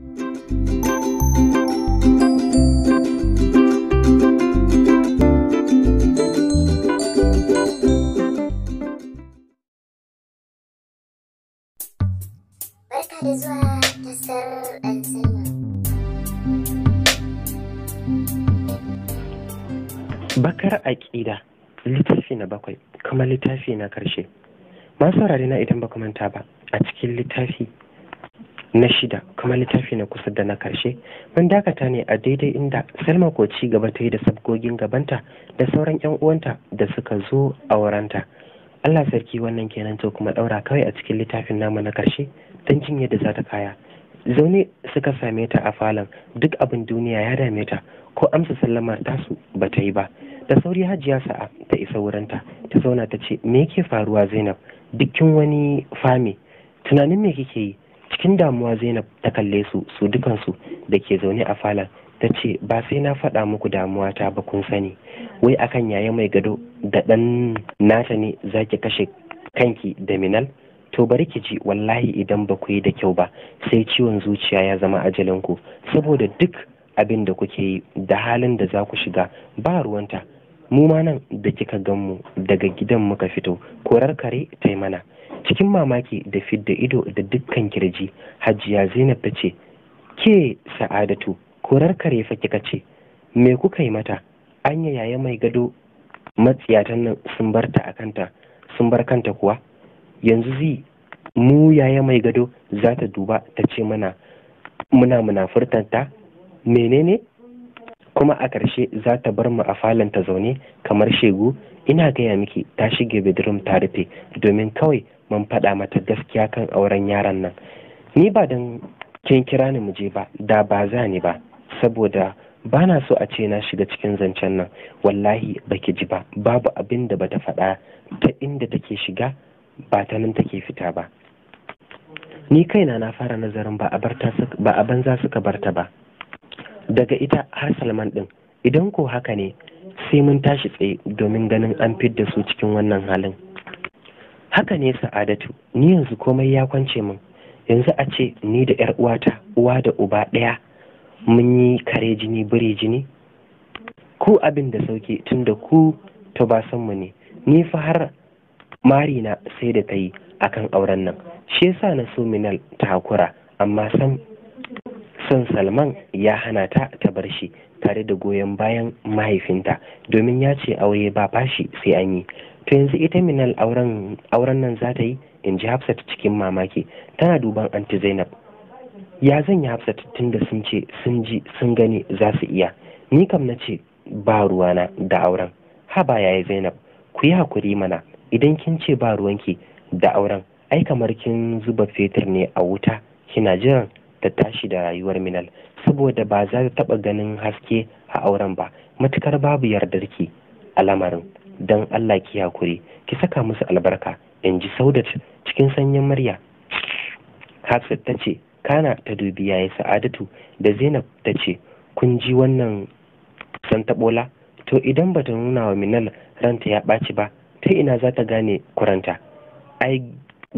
Barka da zuwa Bakar aƙida littafi na bakwai kuma littafi na ƙarshe. Masu na idan ba manta ba a cikin littafi na shida kuma littafi na kusa da na karshe mun dakata ne a daidai inda salma ko ci gaba ta yi da sabgogin gabanta da sauran yan uwanta da suka zo a wuranta allah sarki wannan kenan to kuma daura kawai a cikin littafin namu na karshe don jin yadda za ta kaya zaune suka same ta a falon duk abin duniya ya dame ta ko amsa sallamar tasu ba ta yi ba da sauri hajiya sa'a ta isa wurinta ta zauna ta ce me yake faruwa zainab dukkin wani fami tunanin me kike yi cikin damuwa zainab ta kalle su su dukansu da ke zaune a falon ta ce ba sai na faɗa muku damuwa ta ba kun sani wai akan yaya mai gado da ɗan nata ne za ki kashe kanki da minal to bari ki ji wallahi idan ba ku yi da kyau ba sai ciwon zuciya ya zama ajalinku saboda duk abin da kuke yi da halin da za ku shiga ba ruwanta mu ma nan da kika gan mu daga gidan muka fito korar kare tai mana cikin mamaki da fidda ido da dukkan kirji hajiya zainab ta ce ke sa'adatu korar kare fa kika ce me kuka yi mata anya yaya mai gado matsiyatan nan sun bar ta a kanta sun bar kanta kuwa yanzu zi mu yaya mai gado za ta duba ta ce mana muna munafurtanta menene kuma a ƙarshe za ta bar mu a falon ta zaune kamar shegu ina gaya miki ta shige bedroom ta rufe domin kawai mun faɗa mata gaskiya kan auren yaran nan ni ba don kin kira ni mu je ba da ba za ni ba saboda ba na so a ce na shiga cikin zancen nan wallahi baki ji ba babu abin da bata faɗa ta inda take shiga ba ta nan take fita ba ni kaina na fara nazarin ba a banza suka barta ba daga ita har salman din idan ko haka ne sai mun tashi tsaye domin ganin an fidda su cikin wannan halin haka ne sa'adatu ni yanzu komai ya kwance min yanzu a ce ni da yar uwata uwa da uba ɗaya mun yi kare jini biri jini ku abin da sauke tun da ku to ba san mu ne ni fa har mari na sai da ta yi akan auren nan shi yasa na so minal ta hakura amma san salman ya hana ta ta bar shi tare da goyon bayan mahaifinta domin ya ce aure ba fashi sai an yi to yanzu ita minal auren nan za ta yi in ji hafsat cikin mamaki tana duban anti zainab ya zan yi hafsat tun da sun ce sun ji sun gani za su iya ni kam na ce ba ruwana da auren haba yayi zainab ku yi hakuri mana idan kin ce ba ruwanki da auren ai kamar kin zuba fetur ne a wuta kina jiran ta tashi da rayuwar minal saboda ba za ta taɓa ganin haske a auren ba matukar babu yardarki a lamarin don allah ki hakuri ki saka musu albarka in ji saudat cikin sanyin murya hafsat ta ce kana ta dubi yayi sa'adatu da zainab ta ce kun ji wannan san taɓola to idan ba ta nuna wa minal ranta ya ɓaci ba ta ina za ta gane kuranta ai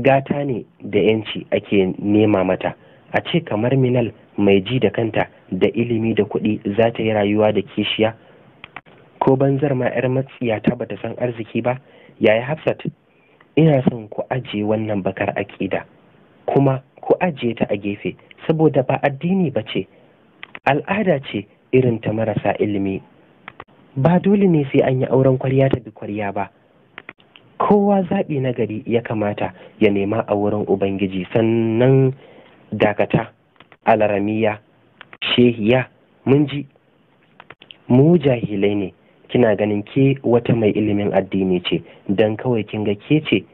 gata ne da yanci ake nema mata a ce kamar minal mai ji da kanta da ilimi da kuɗi za ta yi rayuwa da kishiya ko banzar ma 'yar matsiyata bata san arziki ba yaya hafsat ina son ku ajiye wannan bakar aƙida kuma ku ajiye ta a gefe saboda ba addini ba ce al'ada ce irin ta marasa ilimi ba dole ne sai an yi auren kwarya ta bi kwarya ba kowa zaɓi na gari ya kamata ya nema a wurin ubangiji sannan dakata alaramiya shehiya mun ji mu jahilai ne kina ganin ke wata mai ilimin addini ce don kawai kin ga ke ce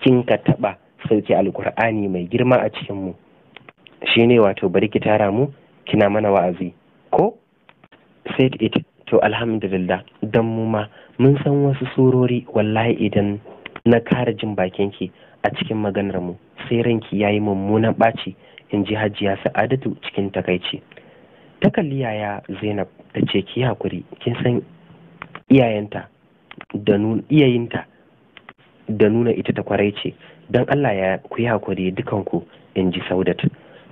kin ka taɓa sauke alkur'ani mai girma a cikinmu shi ne wato bari ki tara mu kina mana wa'azi ko said it to alhamdulillah don mu ma mun san wasu surori wallahi idan na kara jin bakinki a cikin maganar mu sai ranki ya yi mummunan ɓaci in ji hajiya sa'adatu cikin takaici ta kalli yaya zainab da ce ki hakuri kin san iyayenta da iyayinta da nuna ita ta kwarai ce don allah ya ku yi hakuri dukanku in ji saudat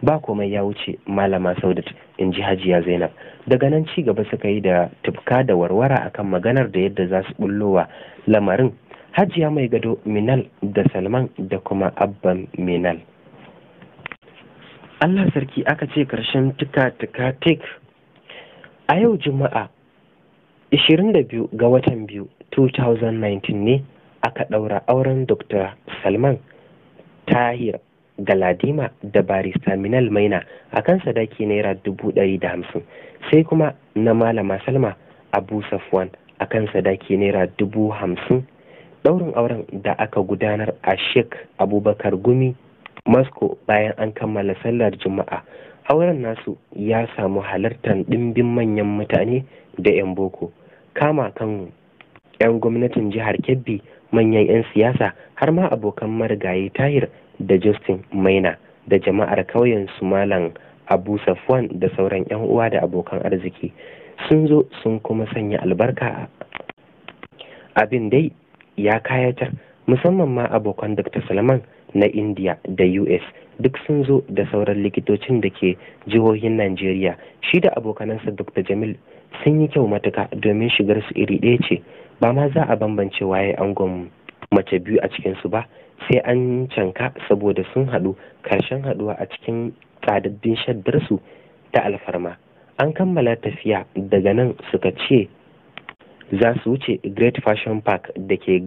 ba komai ya wuce malama saudat in ji hajiya zainab daga nan ci gaba suka yi da tufka da warwara akan maganar da yadda za su bullowa lamarin hajiya mai gado minal da salman da kuma abban minal allah sarki aka ce karshen tuka-tuka tek a yau juma'a 22 ga watan biyu 2019 ne aka ɗaura auren dr salman tahir galadima da barista minal maina a kan sadaki naira dubu ɗari da hamsin sai kuma na malama salma abu safwan a kan sadaki naira dubu hamsin ɗaurin auren da aka gudanar a sheik abubakar gumi moscow bayan an kammala sallar juma'a auren nasu ya samu halartar ɗimbin manyan mutane da 'yan boko kama kan 'yan gwamnatin jihar kebbi manyan 'yan siyasa har ma abokan marigayi tahir da justin maina da jama'ar kauyen su abu safwan da sauran 'yan uwa da abokan arziki sun zo sun kuma sanya albarka abin dai ya kayatar musamman ma abokan dr salman na india da us duk sun zo da sauran likitocin da ke jihohin najeriya shi da abokanansa dr jamil sun yi kyau matuka domin shigar su iri ɗaya ce ba ma za a bambance waye an mace biyu a cikinsu ba sai an canka saboda sun haɗu karshen haɗuwa a cikin tsadaddin shaddarsu ta alfarma an kammala tafiya daga nan suka ce za su wuce great fashion park da ke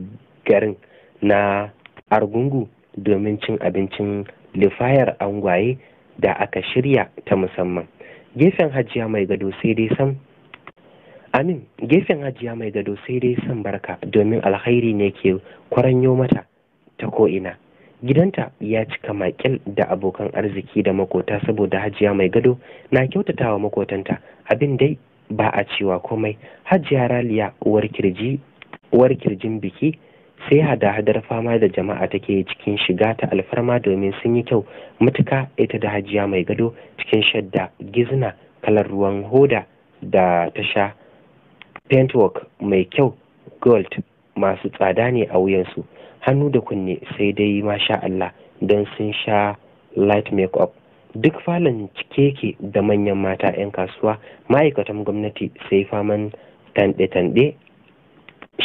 garin na argungu domin cin abincin lifayar angwaye da aka shirya ta musamman gefen hajiya mai gado sai dai san amin gefen hajiya mai gado sai dai san barka domin alkhairi ne ke kwaranyo mata ta ko'ina gidanta ya cika makil da abokan arziki da makota saboda hajiya mai gado na kyautatawa makotanta abin dai ba a cewa komai hajiya raliya uwar kirjin biki sai hada-hadar fama da jama'a take cikin shiga ta alfarma domin sun yi kyau matuka ita da hajiya mai gado cikin shadda gizna kalar ruwan hoda da ta sha paintwork mai kyau gold masu tsada ne a wuyansu hannu da kunne sai dai masha Allah don sun sha light makeup duk falon cike da manyan mata 'yan kasuwa ma'aikatan gwamnati sai faman tanɗe-tanɗe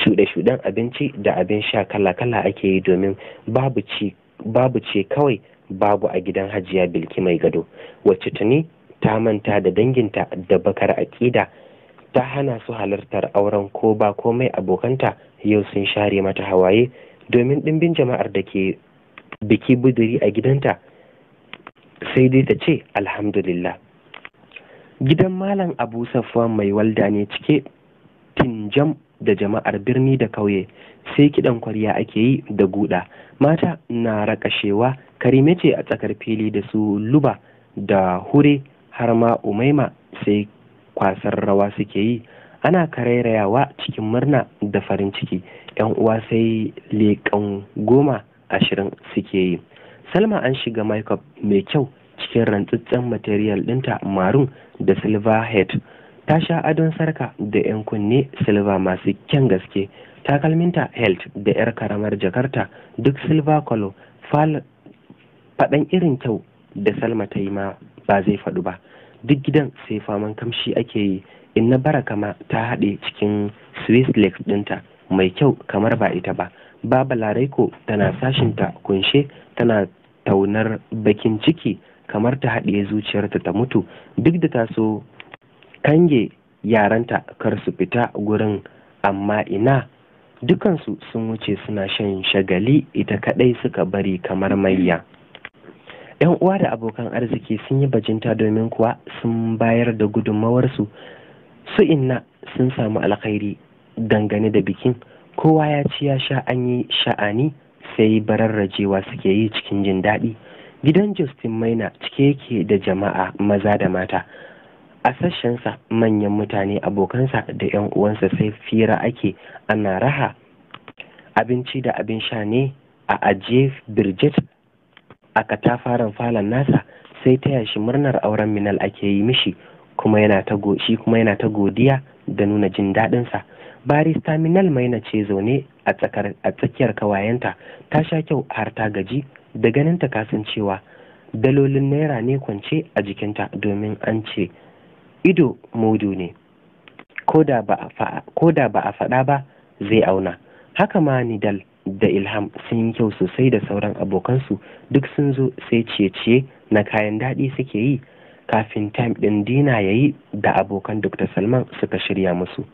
shuɗe-shuɗen abinci da abin sha kala-kala ake yi domin babu ce kawai babu a gidan hajiya bilki mai gado wacce tuni ta manta da danginta da bakar aƙida ta hana su halartar auren ko ba komai abokanta yau sun share mata hawaye domin ɗimbin jama'ar da ke biki buduri a gidanta sai dai ta ce alhamdulillah gidan malam abu safuwa mai walda ne cike tinjam da jama'ar birni da kauye sai kidan kwarya ake yi da guda mata na rakashewa karime ce a tsakar fili da su luba da hure har ma umaima sai kwasar rawa suke yi ana karairayawa cikin murna da farin ciki yan uwa sai leƙan goma ashirin suke yi salma an shiga makeup mai kyau cikin rantsatsen material dinta marun da silver head ta sha adon sarka da 'yan kunne silver masu kyan gaske takalminta health da 'yar karamar jakarta duk silver color faɗan irin kyau da salma ta yi ma ba zai faɗu ba duk gidan sai faman kamshi ake yi in na bara kama ta haɗe cikin swiss lakes ɗinta mai kyau kamar ba ita ba baba laraiko tana sashinta kunshe tana taunar bakin ciki kamar ta haɗiye zuciyarta ta mutu duk da ta so kange yaranta kar su fita gurin amma ina dukansu sun wuce suna shan shagali ita kaɗai suka bari kamar mayya yan uwa da abokan arziki sun yi bajinta domin kuwa sun bayar da gudunmawarsu su inna sun samu alkhairi dangane da bikin kowa ya ci ya sha an yi sha'ani sai bararrajewa suke yi cikin jin daɗi gidan justin maina cike yake da jama'a maza da mata a sashensa manyan mutane abokansa da 'yan uwansa sai fira ake ana raha abinci da abin sha ne a ajiye birjit a katafaren falon nasa sai taya shi murnar auren minal ake yi mishi shi kuma yana ta godiya da nuna jin daɗinsa barista minal maina ce zaune a tsakiyar kawayenta ta sha kyau har ta gaji da ganin ta cewa dalolin naira ne kwance a jikinta domin an ce ido mudu ne ko da ba a faɗa ba zai auna haka ma nidal da ilham sun yi kyau sosai da sauran abokansu duk sun zo sai ciye-ciye na kayan daɗi suke yi kafin time ɗin dina ya yi da abokan dr salman suka shirya musu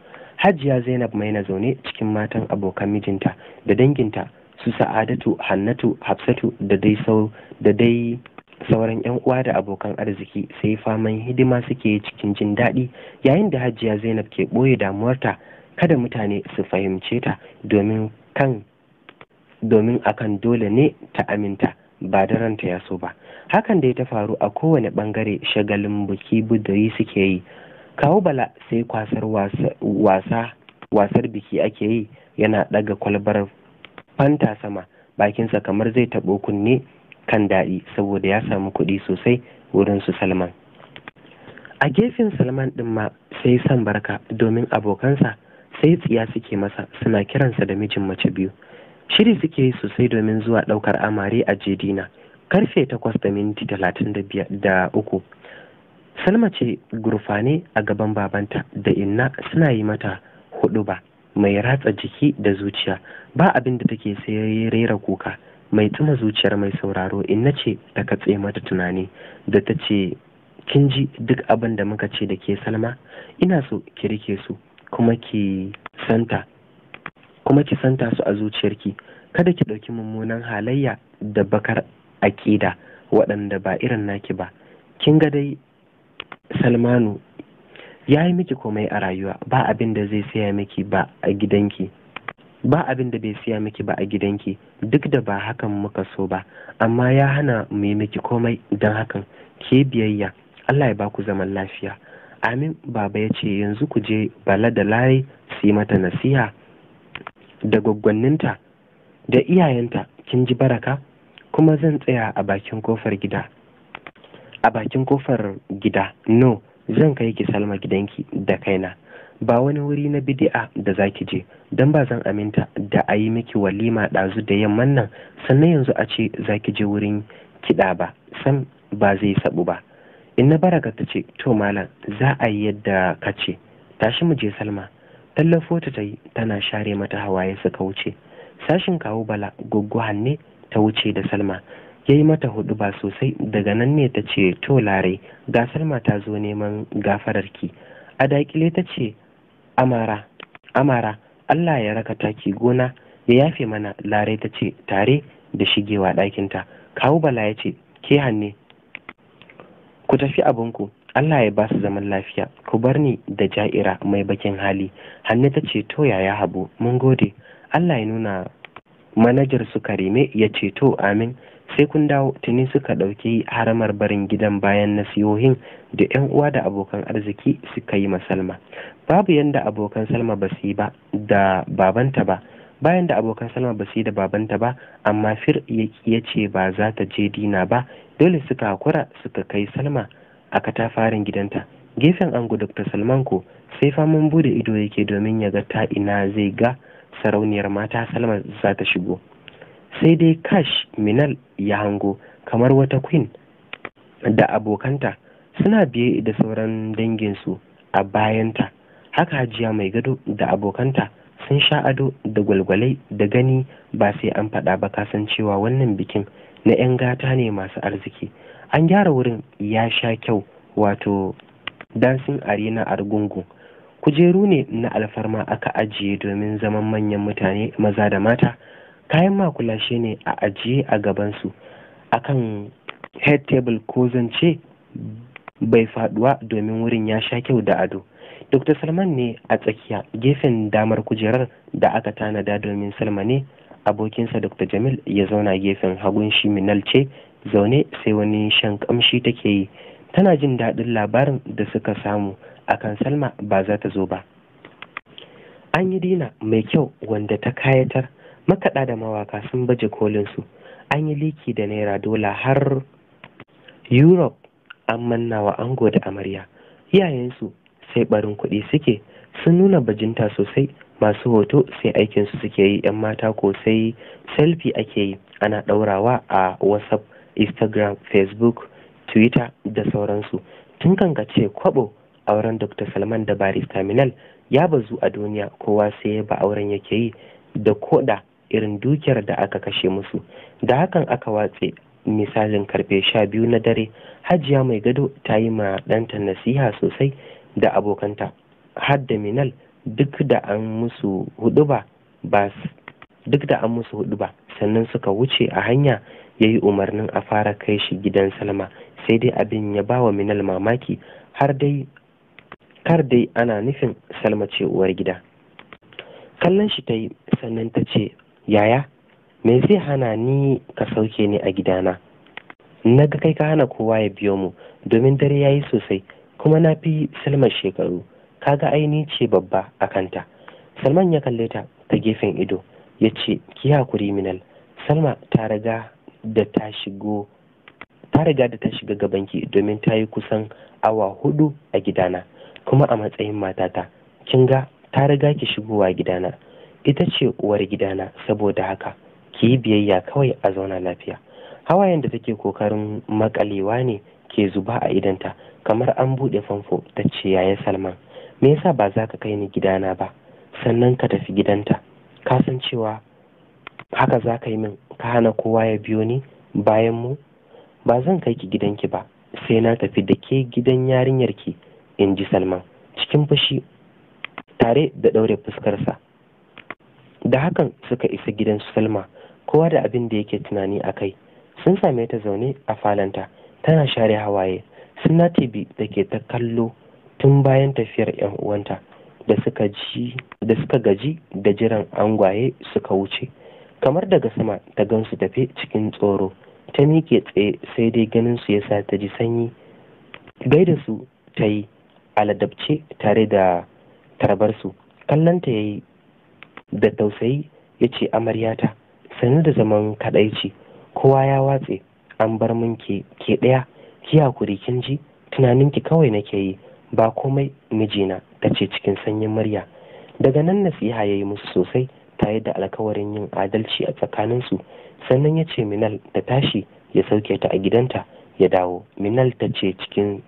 hajiya zainab mai na zaune cikin matan abokan mijinta da danginta su sa'adatu hannatu hafsatu da dai sauran yan uwa da abokan arziki sai faman hidima suke cikin jin daɗi yayin da hajiya zainab ke ɓoye damuwarta kada mutane su fahimce ta domin kan domin akan dole ne ta aminta ba da ranta ya so ba hakan dai ta faru a kowane ɓangare shagalin buki budayi suke yi kawo bala sai kwasar wasa wasar biki ake yi yana daga kwalbar fanta sama bakinsa kamar zai taɓo kunne kan daɗi saboda ya samu kuɗi sosai wurin su salman a gefen salman ɗin ma sai san barka domin abokansa sai tsiya suke masa suna kiransa da mijin mace biyu shiri suke yi sosai domin zuwa ɗaukar amare a jedina karfe takwas da minti talatin da uku salma ce gurfane a gaban babanta da inna suna yi mata hudu ba mai ratsa jiki da zuciya ba abin da take sai rera kuka mai tuna zuciyar mai sauraro inna ce ta katse mata tunani da ta ce kin ji duk abin da muka ce da ke salma ina so ki rike su kuma ki santa kuma ki santa su a zuciyarki kada ki ɗauki mummunan halayya da bakar aƙida waɗanda ba irin naki ba kin ga dai salmanu ya yi miki komai a rayuwa ba abin da zai siya miki ba a gidanki ba abin da bai siya miki ba a gidanki duk da ba hakan muka so ba amma ya hana mu miki komai don hakan ke biyayya Allah ya baku zaman lafiya amin baba ya ce yanzu ku je bala da layi su mata nasiha da gwaggwanninta da iyayenta kin ji baraka kuma zan tsaya a bakin kofar gida a bakin kofar gida no zan kai ki salma gidanki da kaina ba wani wuri na bidi'a da zaki je don ba zan aminta da a yi miki walima ɗazu da yamman nan sannan yanzu a ce zaki je wurin kiɗa ba sam ba zai sabu ba in na baraka ta ce to malam za a yi yadda ka ce tashi mu je salma tallafo ta yi tana share mata hawaye suka wuce sashin kawo bala goggo hanne ta wuce da salma ya yi mata hudu ba sosai daga nan ne ta ce to larai gasar mata zo neman gafararki a dakile ta ce amara amara allah ya raka taki gona ya yafe mana larai ta ce tare da shigewa ɗakinta kawu bala ya ce ke hanne ku tafi abinku allah ya ba su zaman lafiya ku bar ni da ja'ira mai bakin hali hanne ta ce to yaya habu mun gode allah ya nuna manajar su karime ya ceto, to amin sai kun dawo tuni suka ɗauki haramar barin gidan bayan nasihohin da 'yan uwa da abokan arziki suka yi masalma babu yanda abokan salma ba su ba da babanta ba bayan da abokan salma ba su da babanta ba amma fir ya ce ba za ta je dina ba dole suka hakura suka kai salma a katafarin gidanta gefen ango dr salman ko sai faman bude ido yake domin ya ga ta ina zai ga sarauniyar mata salma za ta shigo sai dai kash minal ya hango kamar wata queen da abokanta suna biye da sauran danginsu a bayanta haka hajiya mai gado da abokanta sun sha ado da gwalgwalai da gani ba sai an faɗa ba kasancewa wannan bikin na 'yan gata ne masu arziki an gyara wurin ya sha kyau wato dancing arena argungu kujeru ne na alfarma aka ajiye domin zaman manyan mutane maza da mata kayan makulashe ne a ajiye a gabansu akan head table ko zance bai faduwa domin wurin ya sha kyau da ado dr salman ne a tsakiya gefen damar kujerar da aka tanada domin salma ne abokinsa dr jamil ya zauna gefen hagun shi minalce ce zaune sai wani shan kamshi take yi tana jin daɗin labarin da suka samu akan salma ba za ta zo ba an yi dina mai kyau wanda ta kayatar makaɗa da mawaka sun baje kolinsu. an yi liki da naira dola har europe an manna wa ango da amarya iyayensu sai barin kuɗi suke sun nuna bajinta sosai masu hoto sai aikinsu suke yi 'yan mata ko sai selfie ake yi ana ɗaurawa a whatsapp instagram facebook twitter da sauransu tun kankace kwabo auren dr salman da barista minal ya bazu a duniya kowa sai ba auren yake yi da koda irin dukiyar da aka kashe musu da hakan aka watse misalin karfe sha biyu na dare hajiya mai gado ta yi ma ɗanta nasiha sosai da abokanta har da minal duk da an musu hudu ba duk da an musu hudu sannan suka wuce a hanya ya yi umarnin a fara kai shi gidan salma sai dai abin ya ba wa minal mamaki har dai kar dai ana nufin salma ce uwar gida kallon shi ta yi sannan ta ce yaya me zai hana ni ka sauke ni a gidana na ga kai ka hana kowa ya biyo mu domin dare ya yi sosai kuma na fi salma shekaru kaga aini ce babba a kanta salman ya kalle ta ta gefen ido ya ce ki hakuri minal salma ta riga da ta shigo ta riga shiga gabanki domin ta yi kusan awa hudu a gidana kuma a matsayin matata kin ga ta riga ki shigowa gidana ita ce uwar gidana saboda haka ki yi biyayya kawai a zauna lafiya hawayen da take kokarin makalewa ne ke zuba a idanta kamar an buɗe famfo ta ce yaya salman me yasa ba za ka kai ni gidana ba sannan ka tafi gidanta ka san cewa haka za ka yi min ka hana kowa ya biyo ni bayan mu ba zan kai ki gidanki ba sai na tafi da ke gidan yarinyarki in ji salman cikin fushi tare da ɗaure fuskarsa da hakan suka isa gidan salma kowa da abin da yake tunani a kai sun same ta zaune a falanta tana share hawaye Sun na tibi da ke ta kallo tun bayan tafiyar yan uwanta da suka gaji da jiran angwaye suka wuce kamar daga sama ta gansu tafe cikin tsoro ta miƙe tsaye sai dai ganin su yasa ta ji sanyi gaida su ta yi aladabce tare da tarbarsu kallon ta yayi da tausayi ya ce amaryata sanu da zaman kadaici kowa ya watse an bar min ke ke ɗaya ki hakuri kin ji tunaninki kawai nake yi ba komai mijina ta ce cikin sanyin murya daga nan nasiha ya yi musu sosai tare da alkawarin yin adalci a tsakaninsu sannan ya ce minal da tashi ya sauke ta a gidanta ya dawo minal ta ce cikin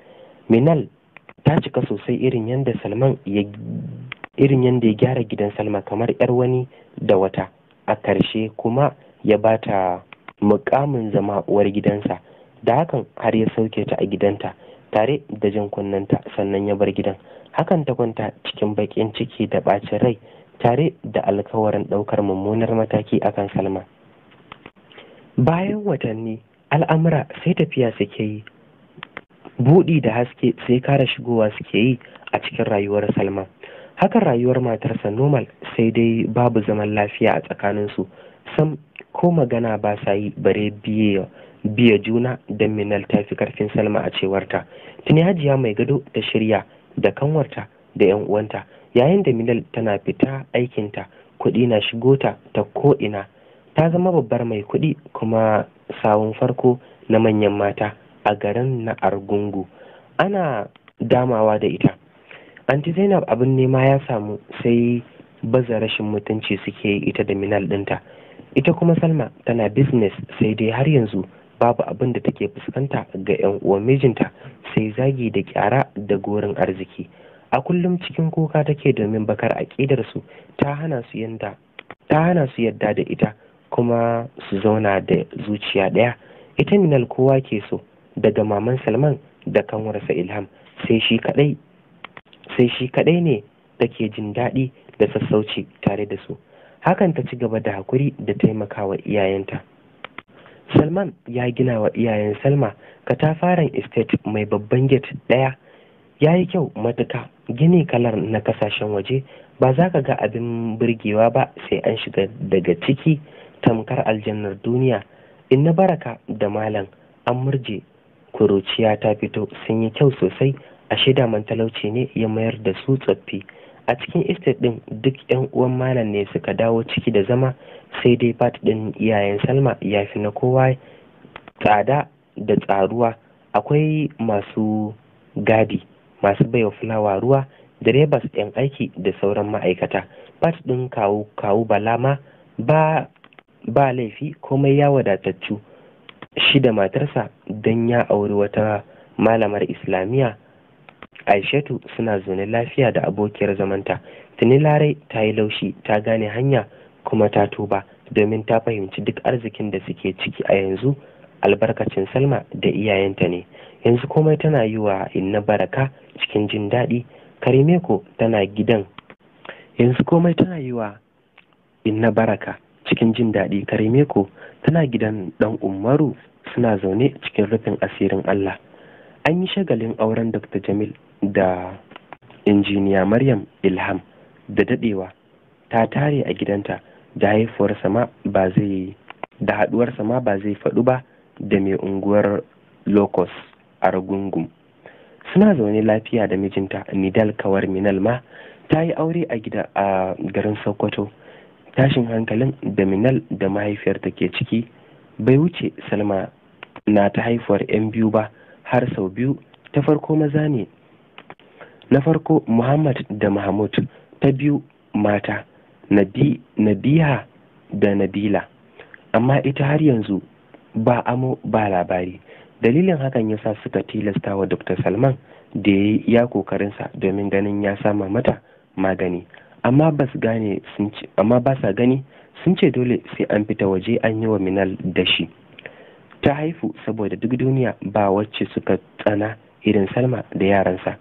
minal ta cika sosai irin yadda salman ya irin yadda ya gyara gidan salma kamar yar wani da wata a ƙarshe kuma ya ba ta mukamin zama uwar gidansa da hakan har ya sauke ta a gidanta tare da jin kunnanta sannan ya bar gidan hakan ta kwanta cikin baƙin ciki da ɓacin rai tare da alkawarin ɗaukar mummunar mataki akan salma bayan watanni al'amura sai tafiya suke yi buɗi da haske sai kara shigowa suke yi a cikin rayuwar salman hakan rayuwar matarsa normal sai dai babu zaman lafiya a tsakaninsu sam ko magana ba sa yi bare biya juna don minal ta fi karfin salma a cewarta tuni hajiya mai gado da shirya da kanwarta da yan uwanta yayin da minal tana fita aikinta kuɗi na shigo ta ta ko'ina ta zama babbar mai kuɗi kuma sawun farko na manyan mata a garin na argungu ana damawa da ita anti zainab abin nema ya samu sai baza rashin mutunci suke ita da minal dinta. ita kuma salma tana business sai dai har yanzu babu abin da take fuskanta ga 'yan uwan mijinta sai zagi da kyara da gorin arziki a kullum cikin kuka take domin bakar aƙidar su ta hana su yanda ta hana su yadda da ita kuma su zauna da zuciya ɗaya ita minal kowa ke so daga maman salman da kanwarsa ilham sai shi kaɗai sai shi kaɗai ne da ke jin daɗi da sassauci tare da su hakan ta ci gaba da hakuri da taimakawa iyayenta salman ya gina wa iyayen salma katafaren estate mai babban gate ɗaya ya yi kyau matuka gini kalar na kasashen waje ba za ka ga abin burgewa ba sai an shiga daga ciki tamkar aljannar duniya in na baraka da malam an murje kuruciya ta fito sun yi kyau sosai ashe man talauci ne ya mayar da su tsoffi a cikin estate din duk yan uwan malam ne suka dawo ciki da zama sai dai fat din iyayen salma ya fi na kowa tsada da tsaruwa akwai masu gadi masu baiwa fulawa ruwa direbas yan aiki da sauran ma'aikata fat din kawo kawo balama ba ba laifi komai ya wadataccu shi da matarsa don ya auri wata malamar islamiyya aishatu suna zaune lafiya da abokiyar zamanta tuni larai ta yi laushi ta gane hanya kuma ta tuba domin ta fahimci duk arzikin da suke ciki a yanzu albarkacin salma da iyayenta ne yanzu komai tana yi wa inna baraka cikin jin daɗi karimeko tana gidan yanzu komai tana yi wa inna baraka cikin jin daɗi karimeko tana gidan ɗan umaru suna zaune cikin rufin asirin allah an yi shagalin auren dr jamil da injiniya maryam ilham da dadewa ta tare a gidanta da haifuwarsa ma ba zai yi da haduwarsa ma ba zai faɗu ba da mai unguwar locos a ragungum suna zaune lafiya da mijinta nidal kawar minal ma ta yi aure a gida a garin sokoto tashin hankalin da minal da mahaifiyarta ke ciki bai wuce salma na ta haifuwar 'yan biyu ba har sau biyu ta farko maza ne na farko muhammad da mahmud ta biyu mata nabiha da nabila amma ita har yanzu ba amo ba labari dalilin hakan ya sa suka tilasta wa dr salman da ya yi ya kokarinsa domin ganin ya sama mata magani amma ba amma ba sa gani sun ce dole sai an fita waje an yi wa minal da shi ta haifu saboda duk duniya ba wacce suka tsana irin salma da yaransa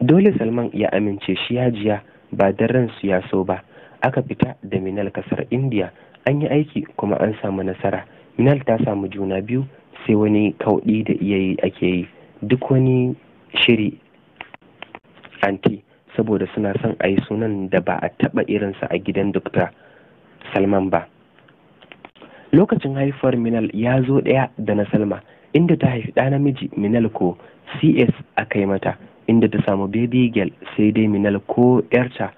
dole salman ya amince shi jiya ba da ransu ya so ba aka fita da minal kasar indiya an yi aiki kuma an samu nasara minal ta samu juna biyu sai wani kaudi da iya yi ake yi duk wani shiri anti saboda suna son a yi sunan da ba a taɓa irinsa a gidan dokta salman ba lokacin haifar minal ya zo ɗaya da na salma inda ta haifi ɗa namiji minal ko cs aka yi mata inda ta samu baby girl sai dai minal ko yarta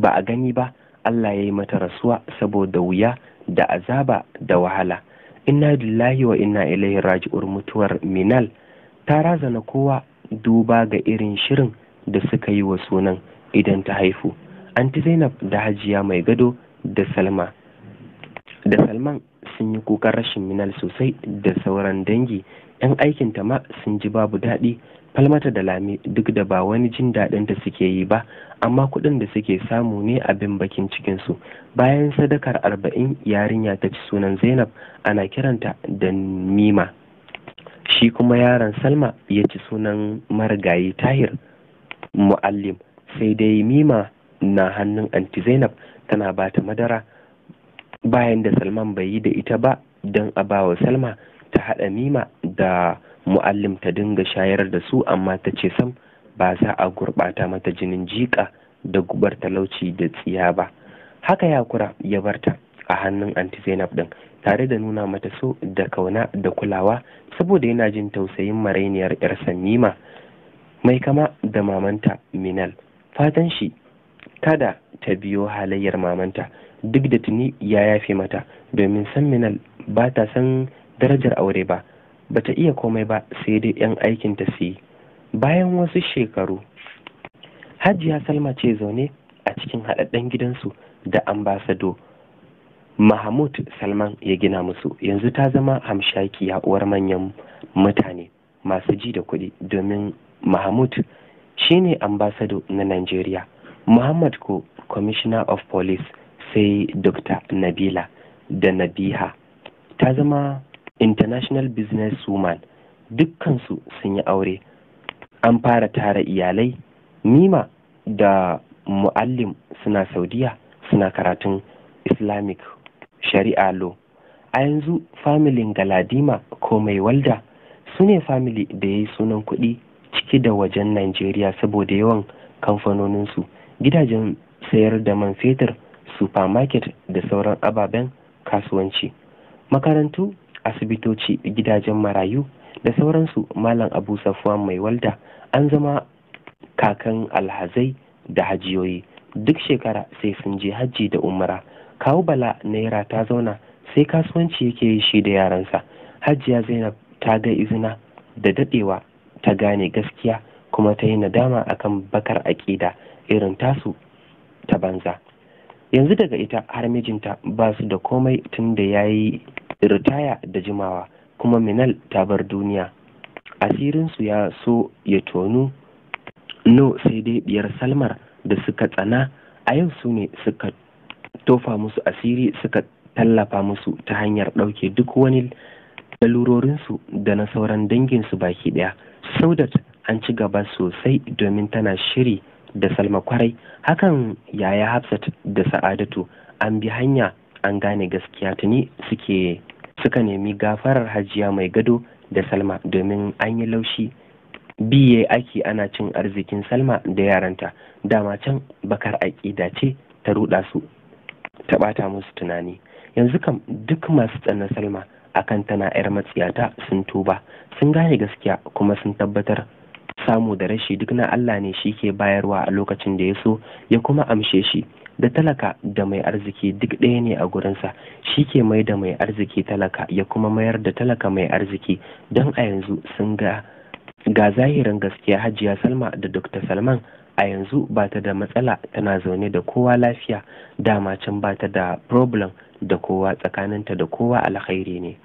ba a gani ba Allah ya yi mata rasuwa saboda wuya da azaba da wahala inna lillahi wa inna ilaihi raji'ur mutuwar minal ta razana kowa duba ga irin shirin da suka yi wa sunan idan ta haifu anti zainab da hajiya mai gado da salma da salman sun yi kukan rashin minal sosai da sauran dangi yan aikin ma sun ji babu daɗi falmata da lami duk da ba wani jin daɗin da suke yi ba amma kuɗin da suke samu ne abin bakin cikinsu bayan sadakar arba'in yarinya ta ci sunan zainab ana kiranta da mima shi kuma yaron salma ya ci sunan marigayi tahir mu'allim sai dai mima na hannun anti zainab tana ba ta madara bayan da salman bai yi da ita ba don a bawa salma ta haɗa mima da mu'allim ta dinga shayar da su amma ta ce sam ba za a gurɓata mata jinin jiƙa da gubar talauci da tsiya ba haka yakura ya barta a hannun anti zainab ɗin tare da nuna mata so da kauna da kulawa saboda yana jin tausayin marainiyar yar samima mai kama da mamanta minal fatan shi kada ta biyo halayyar mamanta duk da tuni ya yafe mata domin san minal ba ta san darajar aure ba Ba ta iya komai ba sai dai 'yan aikinta ta yi bayan wasu shekaru hajiya salma ce zaune a cikin haɗaɗɗen gidansu da ambasado mahmud salman ya gina musu yanzu ta zama hamshaki uwar manyan mutane masu ji da kuɗi domin mahmud shine ambasado na nigeria muhammad ko commissioner of police sai Dr. Nabila da Nabiha ta zama international business woman dukkansu sun yi aure an fara tara iyalai nima da muallim suna saudiya suna karatun islamic shari'a lo. a yanzu familin galadima ko mai walda su ne famili da ya yi sunan kuɗi ciki da wajen najeriya saboda yawan kamfanoninsu gidajen sayar da man fetur supermarket da sauran ababen kasuwanci makarantu asibitoci gidajen marayu da sauransu malam abu safuwan mai walda an zama kakan alhazai da hajiyoyi duk shekara sai sun je hajji da umara kawo bala naira ta zauna sai kasuwanci yake yi shi da yaransa Hajjiya zainab ta ga izina da dadewa ta gane gaskiya kuma ta yi nadama akan bakar aƙida irin tasu ta banza yanzu daga ita har mijinta ba su da komai tun da ya yi ritaya da jimawa kuma minal ta bar duniya asirinsu ya so ya tonu no sai dai biyar salmar da suka tsana a yau su ne suka tofa musu asiri suka tallafa musu ta hanyar ɗauke duk wani lalurorinsu da na sauran danginsu baki ɗaya saudat an ci gaba sosai domin tana shiri da salma kwarai hakan yaya hafsat da sa'adatu an bi hanya an gane gaskiya tuni suke suka nemi gafarar hajiya mai gado da salma domin an yi laushi biye ake ana cin arzikin salma da yaranta dama can bakar aƙida ce ta ruɗa su ta ɓata musu tunani yanzu kam duk masu tsanna salma akan tana 'yar matsiyata sun tuba sun gane gaskiya kuma sun tabbatar samu da rashi duk na Allah ne shi ke bayarwa a lokacin da ya so ya kuma amshe shi da talaka da mai arziki duk ɗaya ne a gurinsa shi ke mai da mai arziki talaka ya kuma mayar da talaka mai arziki don a yanzu sun ga ga zahirin gaskiya hajiya salma da dr salman a yanzu ba ta da matsala tana zaune da kowa lafiya dama can ba ta da problem da kowa tsakaninta da kowa alkhairi ne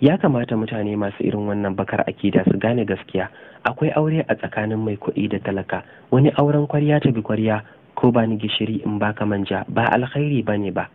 ya kamata mutane masu irin wannan bakar akida su gane gaskiya akwai aure a tsakanin mai kuɗi da talaka wani auren kwarya ta bi kwarya ko ba ni gishiri in baka manja ba alkhairi ba ne ba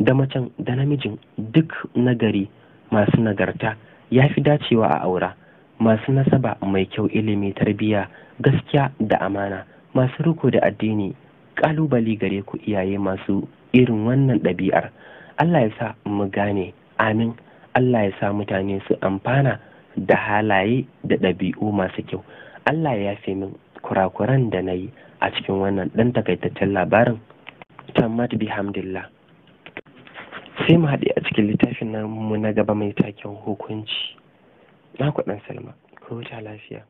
da macen da namijin duk nagari masu nagarta ya fi dacewa a aura masu nasaba mai kyau ilimi tarbiyya gaskiya da amana masu riko da addini kalubale gare ku iyaye masu irin wannan ɗabi'ar allah ya sa mu gane amin Allah ya sa mutane su amfana da halaye da ɗabi'u masu kyau Allah ya fi min kurakuran da na yi a cikin wannan ɗan takaitaccen labarin tammat bihamdillah sai mu haɗe a cikin littafin nan mu na gaba mai taken hukunci na ɗan salma ko ta lafiya